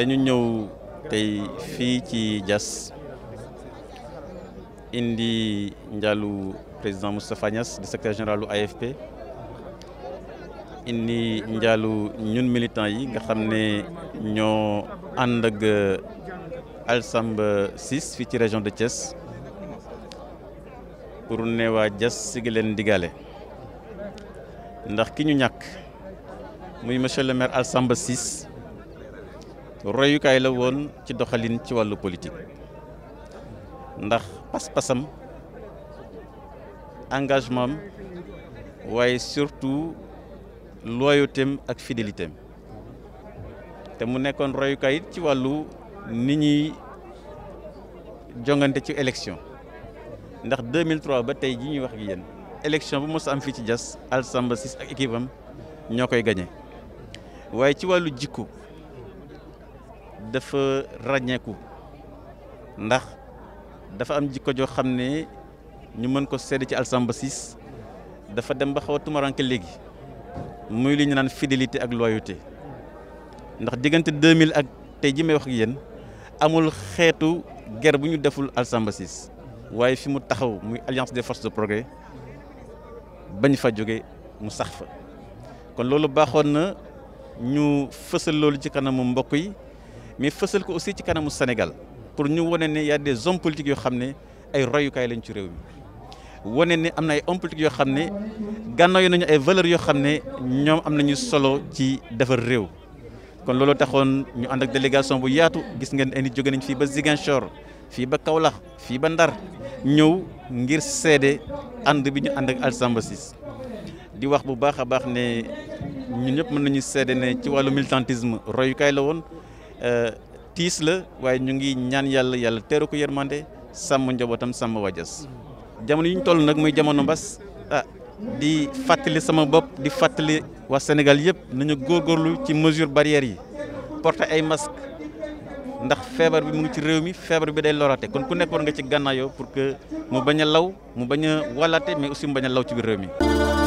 dañu ñëw tey fii ci jas indi njaalu président Moustapha Niass di secrétaire général AFP indi njaalu ñun militant yi nga xam ne ñoo ànd ak euh, Alsamba 6 fii ci région de Thiès pour ne waa Diass sigi leen digale ndax ki ñu ñàkk muy monsieur le maire Alsamba 6 royukaay la woon ci doxalin ci wàllu politique ndax pas-pasam engagement waaye surtout loyautéem ak fidélitéem te mu nekkoon royukaay ci wàllu ni ñuy jongante ci élection ndax 2003 ba tey ji ñuy wax ak yéen élection bu mos am fii ci jas Al Samba Ciss ak équipe ñoo koy gañe waaye ci wàllu jikko dafa ràññeeku ndax dafa am jikko joo xam ne ñu mën ko sedd ci Alsamba Ciss dafa dem ba xaw a tumaranke léegi muy li ñu naan fidélité ak loyauté ndax diggante 2000 ak tey ji may wax ak yéen amul xeetu guerre bu ñu deful Alsamba Ciss waaye fi mu taxaw muy alliance des force de progrès bañ fa jóge mu sax fa kon loolu baaxoon na ñu fësal loolu ci kanamu mbokk yi mais fësal ko aussi ci kanamu Sénégal pour ñu wane ne y a des hommes yoo xam ne ay royukaay lañ ci réew mi wane ne am na ay hommes politiques yoo xam ne gànnaaw nañu ay valeurs yoo xam ne ñoom am nañu solo ci defar réew. kon loolu taxoon ñu ànd ak délégation bu yaatu gis ngeen ay nit jóge nañ fii ba Ziguinchor fii ba Kaolack fii ba Ndar ñëw ngir seede ànd bi ñu ànd ak Alsamba Ciss di wax bu baax a baax ne ñun ñëpp mën nañu seede ne ci wàllu militantisme royukaay la woon. Euh, tiis la waaye ñu ngi ñaan yàlla yàlla teeru ko yërmande sàmm njabootam sàmm wajas jamono yi ñu toll nag muy jamono mbas ah di fàttali sama bopp di fàttali waa Sénégal yëpp nañu góorgóorlu ci mesure barrière yi porter ay masque ndax feebar bi mu ngi ci réew mi feebar bi day lorate kon ku nekkoon nga ci gànnaayoo pour que mu bañ a law mu bañ a wàllate mais aussi mu bañ law ci biir réew mi.